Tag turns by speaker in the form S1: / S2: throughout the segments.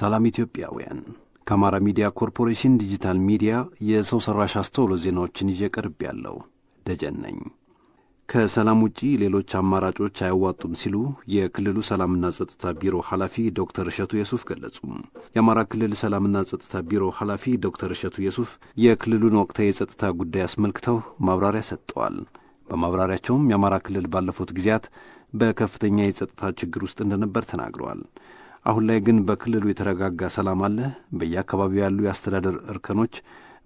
S1: ሰላም ኢትዮጵያውያን፣ ከአማራ ሚዲያ ኮርፖሬሽን ዲጂታል ሚዲያ የሰው ሠራሽ አስተውሎት ዜናዎችን ይዤ ቀርብ ያለው ደጀን ነኝ። ከሰላም ውጪ ሌሎች አማራጮች አያዋጡም ሲሉ የክልሉ ሰላምና ጸጥታ ቢሮ ኃላፊ ዶክተር እሸቱ የሱፍ ገለጹ። የአማራ ክልል ሰላምና ጸጥታ ቢሮ ኃላፊ ዶክተር እሸቱ የሱፍ የክልሉን ወቅታዊ የጸጥታ ጉዳይ አስመልክተው ማብራሪያ ሰጥተዋል። በማብራሪያቸውም የአማራ ክልል ባለፉት ጊዜያት በከፍተኛ የጸጥታ ችግር ውስጥ እንደነበር ተናግረዋል። አሁን ላይ ግን በክልሉ የተረጋጋ ሰላም አለ። በየአካባቢው ያሉ የአስተዳደር እርከኖች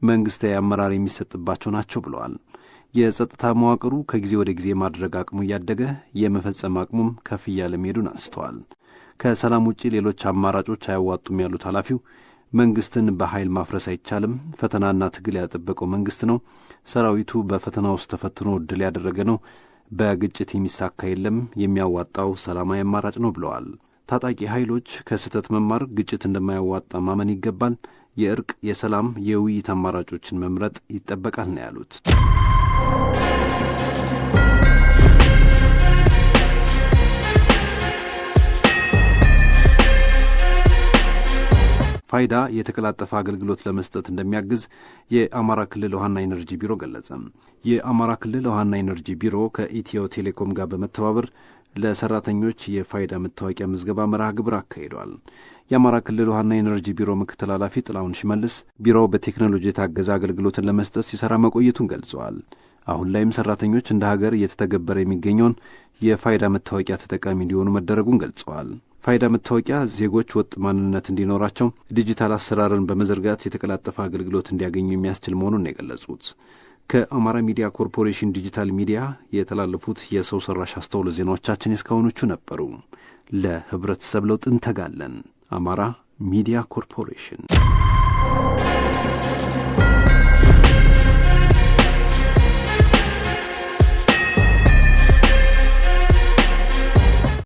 S1: መንግሥታዊ አመራር የሚሰጥባቸው ናቸው ብለዋል። የጸጥታ መዋቅሩ ከጊዜ ወደ ጊዜ ማድረግ አቅሙ እያደገ የመፈጸም አቅሙም ከፍ እያለ መሄዱን አንስተዋል። ከሰላም ውጪ ሌሎች አማራጮች አያዋጡም ያሉት ኃላፊው መንግስትን በኃይል ማፍረስ አይቻልም። ፈተናና ትግል ያጠበቀው መንግስት ነው። ሰራዊቱ በፈተና ውስጥ ተፈትኖ ድል ያደረገ ነው። በግጭት የሚሳካ የለም። የሚያዋጣው ሰላማዊ አማራጭ ነው ብለዋል። ታጣቂ ኃይሎች ከስህተት መማር ግጭት እንደማያዋጣ ማመን ይገባል። የእርቅ፣ የሰላም፣ የውይይት አማራጮችን መምረጥ ይጠበቃል ነው ያሉት። ፋይዳ የተቀላጠፈ አገልግሎት ለመስጠት እንደሚያግዝ የአማራ ክልል ውሃና ኢነርጂ ቢሮ ገለጸ። የአማራ ክልል ውሃና ኤነርጂ ቢሮ ከኢትዮ ቴሌኮም ጋር በመተባበር ለሰራተኞች የፋይዳ መታወቂያ ምዝገባ መርሃ ግብር አካሂዷል። የአማራ ክልል ውሃና ኤነርጂ ቢሮ ምክትል ኃላፊ ጥላሁን ሽመልስ ቢሮው በቴክኖሎጂ የታገዘ አገልግሎትን ለመስጠት ሲሰራ መቆየቱን ገልጸዋል። አሁን ላይም ሰራተኞች እንደ ሀገር እየተተገበረ የሚገኘውን የፋይዳ መታወቂያ ተጠቃሚ እንዲሆኑ መደረጉን ገልጸዋል። ፋይዳ መታወቂያ ዜጎች ወጥ ማንነት እንዲኖራቸው ዲጂታል አሰራርን በመዘርጋት የተቀላጠፈ አገልግሎት እንዲያገኙ የሚያስችል መሆኑን የገለጹት ከአማራ ሚዲያ ኮርፖሬሽን ዲጂታል ሚዲያ የተላለፉት የሰው ሰራሽ አስተውሎ ዜናዎቻችን የእስካሁኖቹ ነበሩ። ለህብረተሰብ ለውጥ እንተጋለን። አማራ ሚዲያ ኮርፖሬሽን